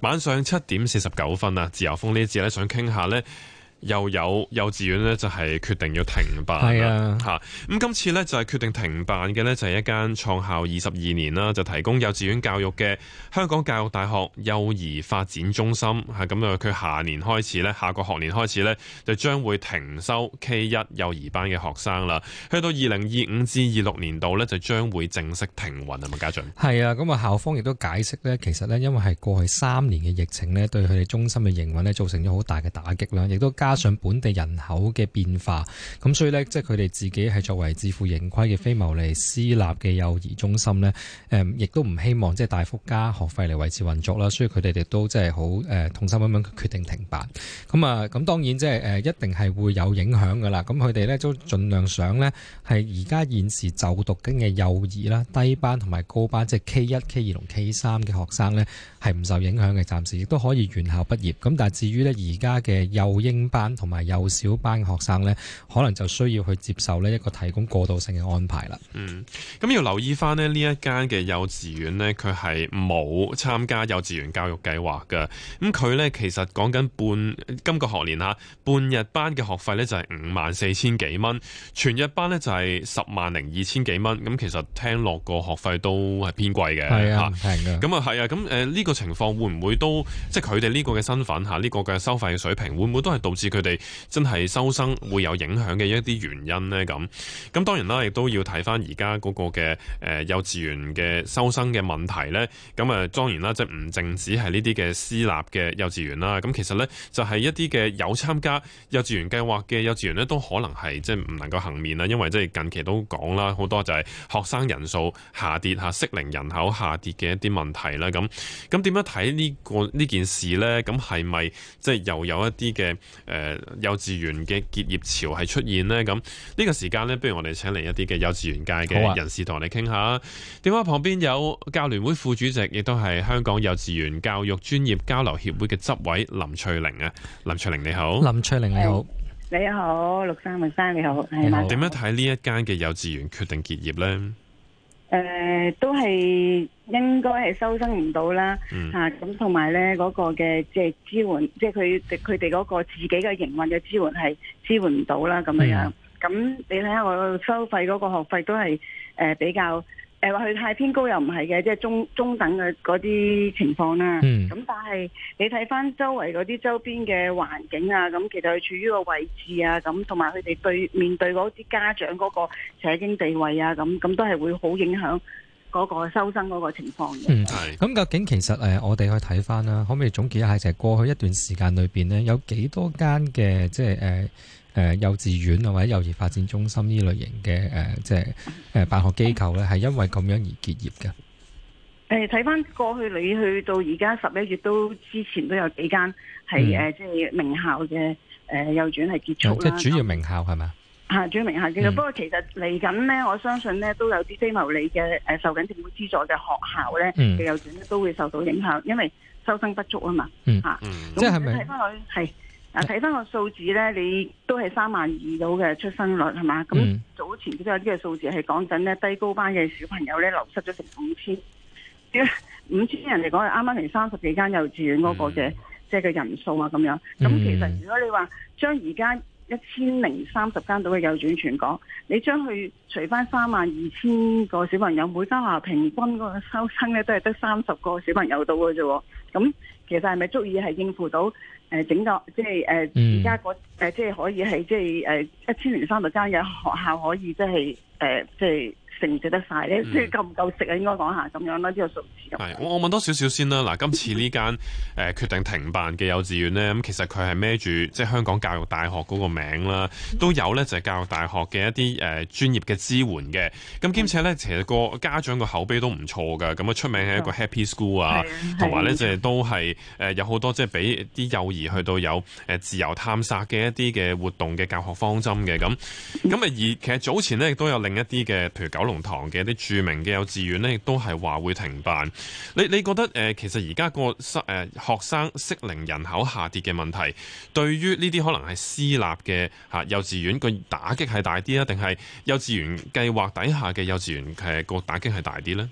晚上七點四十九分啊！自由風呢節咧，想傾下咧。又有幼稚園呢，就係決定要停辦吓，咁、啊嗯、今次呢，就係決定停辦嘅呢，就係一間創校二十二年啦，就提供幼稚園教育嘅香港教育大學幼兒發展中心。係咁啊，佢下年開始呢，下個學年開始呢，就將會停收 K 一幼兒班嘅學生啦。去到二零二五至二六年度呢，就將會正式停運，係咪家俊？係啊，咁啊，校方亦都解釋呢，其實呢，因為係過去三年嘅疫情呢，對佢哋中心嘅營運呢，造成咗好大嘅打擊啦，亦都加。加上本地人口嘅變化，咁所以呢，即係佢哋自己係作為自負盈虧嘅非牟利私立嘅幼兒中心呢，誒、嗯、亦都唔希望即係大幅加學費嚟維持運作啦，所以佢哋亦都即係好誒痛心咁樣決定停辦，咁啊，咁當然即係誒一定係會有影響噶啦。咁佢哋呢都盡量想呢，係而家現時就讀緊嘅幼兒啦、低班同埋高班，即係 K 一、K 二同 K 三嘅學生呢，係唔受影響嘅，暫時亦都可以原校畢業，咁但係至於呢而家嘅幼英班同埋幼小班嘅學生咧，可能就需要去接受呢一個提供過渡性嘅安排啦。嗯，咁要留意翻呢一間嘅幼稚園呢，佢係冇參加幼稚園教育計劃嘅。咁佢呢，其實講緊半、呃、今個學年吓，半日班嘅學費呢，就係五萬四千幾蚊，全日班呢，就係十萬零二千幾蚊。咁其實聽落個學費都係偏貴嘅，係啊，唔平嘅。咁啊係啊，咁誒呢個情況會唔會都即係佢哋呢個嘅身份吓，呢、呢個嘅收費嘅水平會唔會都係導致？佢哋真係收生會有影響嘅一啲原因咧，咁咁當然啦，亦都要睇翻而家嗰個嘅誒、呃、幼稚園嘅收生嘅問題咧。咁啊，當然啦，即係唔淨止係呢啲嘅私立嘅幼稚園啦。咁其實咧，就係、是、一啲嘅有參加幼稚園計劃嘅幼稚園咧，都可能係即係唔能夠幸免啦。因為即係近期都講啦，好多就係學生人數下跌吓適齡人口下跌嘅一啲問題啦。咁咁點樣睇呢、呢個呢件事咧？咁係咪即係又有一啲嘅誒。呃誒，幼稚園嘅結業潮係出現呢？咁呢個時間呢，不如我哋請嚟一啲嘅幼稚園界嘅人士同我哋傾下。電話、啊、旁邊有教聯會副主席，亦都係香港幼稚園教育專業交流協會嘅執委林翠玲啊，林翠玲你好，林翠玲你好，你好，六三、六三，你好，係好。點樣睇呢一間嘅幼稚園決定結業呢？誒、呃，都係應該係收生唔到啦，吓，咁同埋咧嗰個嘅即係支援，即係佢佢哋嗰個自己嘅營運嘅支援係支援唔到啦，咁樣，咁、哎呀啊、你睇下我收費嗰個學費都係誒、呃、比較。誒，話佢太偏高又唔係嘅，即係中中等嘅嗰啲情況啦、啊。咁、嗯、但係你睇翻周圍嗰啲周邊嘅環境啊，咁其實佢處於個位置啊，咁同埋佢哋對面對嗰啲家長嗰個社經地位啊，咁咁都係會好影響嗰個收生嗰個情況嘅、啊。嗯，係。咁究竟其實誒，我哋去睇翻啦，可唔可以總結一下，就係過去一段時間裏邊咧，有幾多間嘅即係誒？呃誒、呃，幼稚園啊，或者幼兒發展中心呢類型嘅誒，即係誒辦學機構咧，係因為咁樣而結業㗎。誒、呃，睇翻過去，你去到而家十一月都之前都有幾間係誒，即係名校嘅誒幼稚園係結咗，即係主要名校係咪？吓、嗯，嗎主要名校結。嗯、不過其實嚟緊咧，我相信咧都有啲非牟利嘅誒、呃，受緊政府資助嘅學校咧嘅、嗯、幼稚園都會受到影響，因為收生不足啊嘛嗯。嗯，吓、嗯，即係咪睇翻佢係？睇翻個數字咧，你都係三萬二到嘅出生率係嘛？咁、mm. 早前都有呢個數字係講緊咧，低高班嘅小朋友咧流失咗成五千，五千人嚟講係啱啱嚟三十幾間幼稚園嗰個嘅即係嘅人數啊咁樣。咁、mm. 其實如果你話將而家，一千零三十間到嘅幼稚園全港，你將佢除翻三萬二千個小朋友，每間學校平均嗰個收生咧都係得三十個小朋友到嘅啫。咁其實係咪足以係應付到誒整個即係誒而家嗰即係可以係即係誒一千零三十間有學校可以即係誒即係？嗯嗯。食唔食得晒咧？即係、嗯、夠唔夠食啊？應該講下咁樣啦，呢、呢個數字係，我問多少少先啦。嗱，今次呢間誒決定停辦嘅幼稚園咧，咁 其實佢係孭住即係香港教育大學嗰個名啦，都有咧就係教育大學嘅一啲誒專業嘅支援嘅。咁兼、嗯、且咧，其實個家長個口碑都唔錯㗎。咁啊，出名係一個 Happy School 啊、嗯，同埋咧就係都係有好多即係俾啲幼兒去到有自由探索嘅一啲嘅活動嘅教學方針嘅。咁咁啊，而其實早前咧亦都有另一啲嘅，譬如九。龍塘嘅一啲著名嘅幼稚園呢，亦都係話會停辦。你你覺得誒、呃，其實而家、個適誒、呃、學生適齡人口下跌嘅問題，對於呢啲可能係私立嘅吓幼稚園個打擊係大啲啊，定係幼稚園計劃底下嘅幼稚園其實個打擊係大啲呢？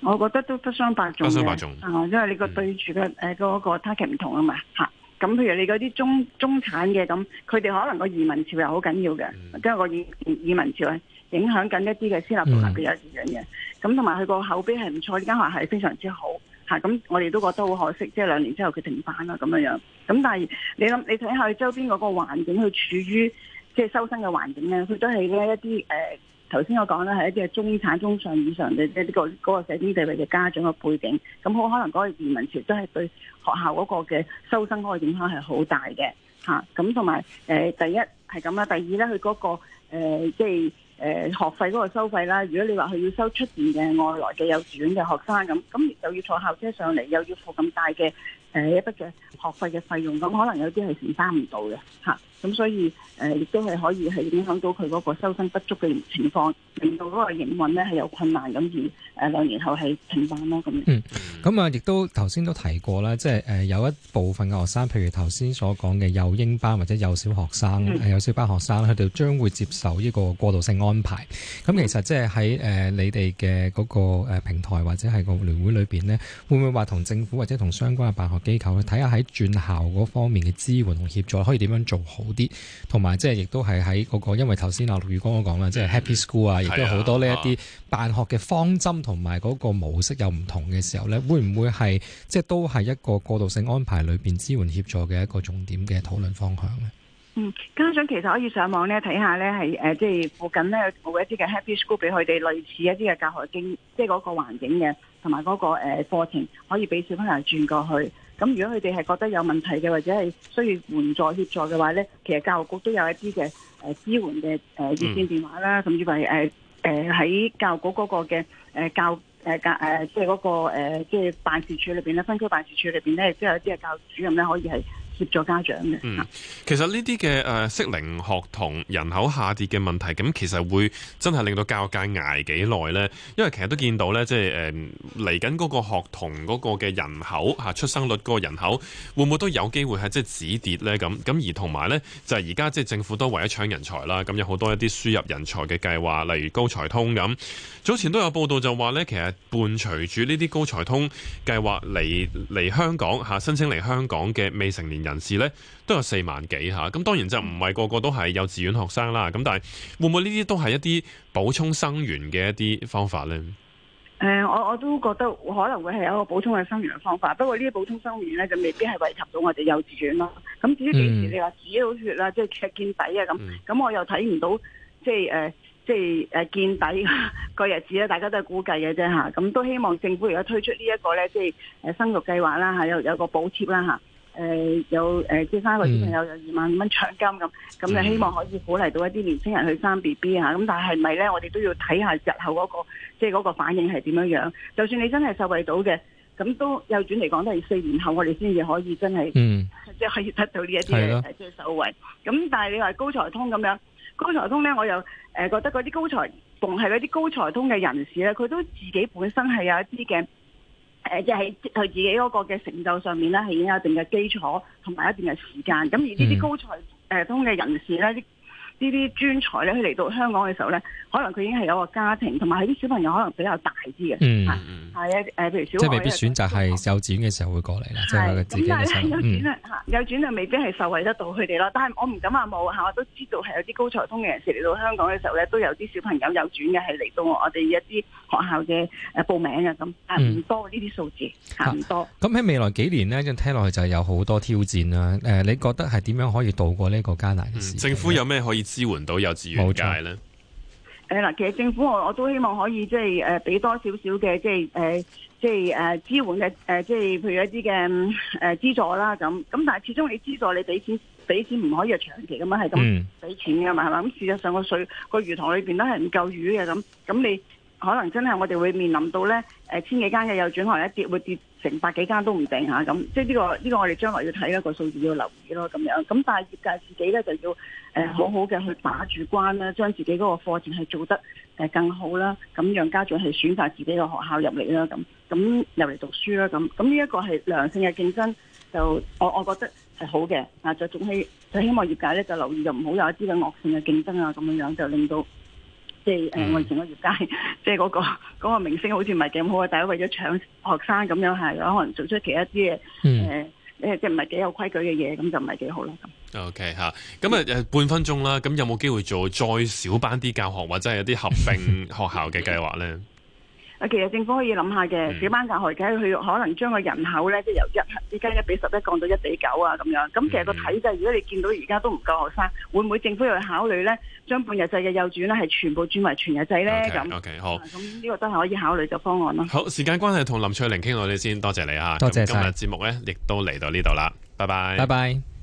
我覺得都不相伯仲，不相伯仲、啊、因為你對個對住嘅誒個 target 唔同、嗯、啊嘛。吓，咁譬如你嗰啲中中產嘅咁，佢哋可能個移民潮又好緊要嘅，即、嗯、因為個移移民潮咧，影響緊一啲嘅私立獨立嘅幼稚園嘅，咁同埋佢個口碑係唔錯，呢間學校係非常之好嚇。咁我哋都覺得好可惜，即係兩年之後佢停班啦咁樣樣。咁但係你諗，你睇下佢周邊嗰個環境，佢處於即係收生嘅環境咧，佢都係咧一啲誒頭先我講咧係一啲中產中上以上嘅即係呢個嗰個社經地位嘅家長嘅背景，咁好可能嗰個移民潮都係對學校嗰個嘅收生嗰個影響係好大嘅嚇。咁同埋誒第一係咁啦，第二咧佢嗰個、呃、即係。誒學費嗰個收費啦，如果你話佢要收出邊嘅外來嘅幼稚園嘅學生咁，咁又要坐校車上嚟，又要付咁大嘅誒一筆嘅學費嘅費用，咁可能有啲係承擔唔到嘅嚇，咁所以誒亦都係可以係影響到佢嗰個收生不足嘅情況，令到嗰個營運咧係有困難咁而誒兩年後係停辦咯咁樣。嗯，咁啊亦都頭先都提過啦，即係誒有一部分嘅學生，譬如頭先所講嘅幼嬰班或者幼小學生、幼、嗯、小班學生，佢哋將會接受呢個過渡性。安排咁，其實即係喺誒你哋嘅嗰個平台或者係個聯會裏邊呢，會唔會話同政府或者同相關嘅辦學機構咧，睇下喺轉校嗰方面嘅支援同協助可以點樣做好啲，同埋即係亦都係喺嗰個因為頭先啊陸宇光講啦，即係 Happy School 啊，亦都好多呢一啲辦學嘅方針同埋嗰個模式有唔同嘅時候呢，會唔會係即係都係一個過渡性安排裏邊支援協助嘅一個重點嘅討論方向呢？嗯，家長其實可以上網咧睇下咧，係、呃、即係附近咧有冇一啲嘅 Happy School 俾佢哋類似一啲嘅教學經，即係嗰個環境嘅，同埋嗰個、呃、課程可以俾小朋友轉過去。咁如果佢哋係覺得有問題嘅，或者係需要援助協助嘅話咧，其實教育局都有一啲嘅支援嘅誒熱線電話啦，嗯、甚至係誒喺教育局嗰個嘅誒、呃、教教即係嗰個即係、呃即係嗰個呃即係、辦事處裏面咧，分區辦事處裏面咧，即係都有一啲嘅教主任咧可以係。協助家長嘅。嗯，其實呢啲嘅誒適齡學童人口下跌嘅問題，咁其實會真係令到教育界捱幾耐呢？因為其實都見到呢，即係誒嚟緊嗰個學童嗰個嘅人口嚇、啊、出生率嗰個人口，會唔會都有機會係、啊、即係止跌呢？咁、啊、咁而同埋呢，就係而家即係政府都為咗搶人才啦，咁、啊、有好多一啲輸入人才嘅計劃，例如高才通咁、啊。早前都有報道就話呢其實伴隨住呢啲高才通計劃嚟嚟香港嚇、啊，申請嚟香港嘅未成年。人士咧都有四萬幾吓，咁當然就唔係個個都係幼稚園學生啦，咁但係會唔會呢啲都係一啲補充生源嘅一啲方法咧？誒、嗯，我我都覺得可能會係一個補充嘅生源嘅方法，不過呢啲補充生源咧就未必係惠及到我哋幼稚園咯。咁至於幾時你話止到血啦，即係見底啊咁，咁我又睇唔到即係誒，即係誒見底個日子咧，大家都係估計嘅啫吓。咁都希望政府而家推出呢一個咧，即係誒生育計劃啦吓，有有個補貼啦吓。誒、呃，有誒，即、呃、係個小朋友有二萬五蚊獎金咁，咁就、嗯、希望可以鼓勵到一啲年青人去生 B B 吓，咁但係咪咧？我哋都要睇下日後嗰、嗰個即係嗰個反應係點樣樣。就算你真係受惠到嘅，咁都又轉嚟講，都係四年後我哋先至可以真係、嗯、即係得到呢一啲嘅即係受惠。咁但係你話高才通咁樣，高才通咧，我又誒覺得嗰啲高才，同係嗰啲高才通嘅人士咧，佢都自己本身係有一啲嘅。誒，即係佢自己嗰個嘅成就上面咧，係已經有一定嘅基礎同埋一定嘅時間。咁而呢啲高才誒通嘅人士咧，呢啲專才咧，佢嚟到香港嘅時候咧，可能佢已經係有個家庭，同埋佢啲小朋友可能比較大啲嘅。嗯。係啊，誒，譬如小即係未必選擇係幼稚園嘅時候會過嚟啦，嗯、即係佢自己嘅時候。咁但係咧，幼稚園未必係受惠得到佢哋咯。但係我唔敢話冇嚇，我都知道係有啲高才通嘅人士嚟到香港嘅時候咧，都有啲小朋友有轉嘅係嚟到我哋一啲學校嘅誒報名嘅咁，但係唔多呢啲數字唔、嗯、多。咁喺、啊、未來幾年呢，聽落去就係有好多挑戰啦。誒、呃，你覺得係點樣可以度過呢個艱難嘅事、嗯？政府有咩可以支援到幼稚園界咧？誒嗱，其實政府我我都希望可以即係誒俾多少少嘅即係誒即係誒支援嘅誒即係譬如一啲嘅誒資助啦咁，咁但係始終你資助你俾錢俾錢唔可以係長期咁嘛，係咁俾錢噶嘛，係嘛、嗯，咁事實上個水個魚塘裏邊都係唔夠魚嘅咁，咁你。可能真係我哋會面臨到咧，誒千幾間嘅幼轉學一跌，會跌成百幾間都唔定嚇咁，即係、呢個、呢個呢、呢個我哋將來要睇一個數字要留意咯，咁樣。咁但係業界自己咧就要誒、呃、好好嘅去把住關啦，將自己嗰個課程係做得誒更好啦，咁讓家長係選擇自己個學校入嚟啦，咁咁入嚟讀書啦，咁咁呢一個係良性嘅競爭，就我我覺得係好嘅。啊，就總希就希望業界咧就留意，就唔好有一啲嘅惡性嘅競爭啊，咁樣樣就令到。即係誒我以前嘅業界，即係嗰個明星好似唔係幾好啊！大家為咗搶學生咁樣係，可能做出其他啲嘢誒誒，即係唔係幾有規矩嘅嘢，咁就唔係幾好啦。咁 OK 嚇、嗯，咁啊誒半分鐘啦，咁有冇機會做再小班啲教學，或者係一啲合併學校嘅計劃咧？ 其實政府可以諗下嘅，小班教學，睇下佢可能將個人口咧，即係由一之間一比十一降到一比九啊，咁樣。咁其實個體制，如果你見到而家都唔夠學生，會唔會政府去考慮咧，將半日制嘅幼稚園咧，係全部轉為全日制咧？咁 okay，OK，好。咁呢個都係可以考慮嘅方案咯。好，時間關係，同林翠玲傾到呢先，多謝你啊。多謝你。今日節目咧，亦都嚟到呢度啦，拜拜。拜拜。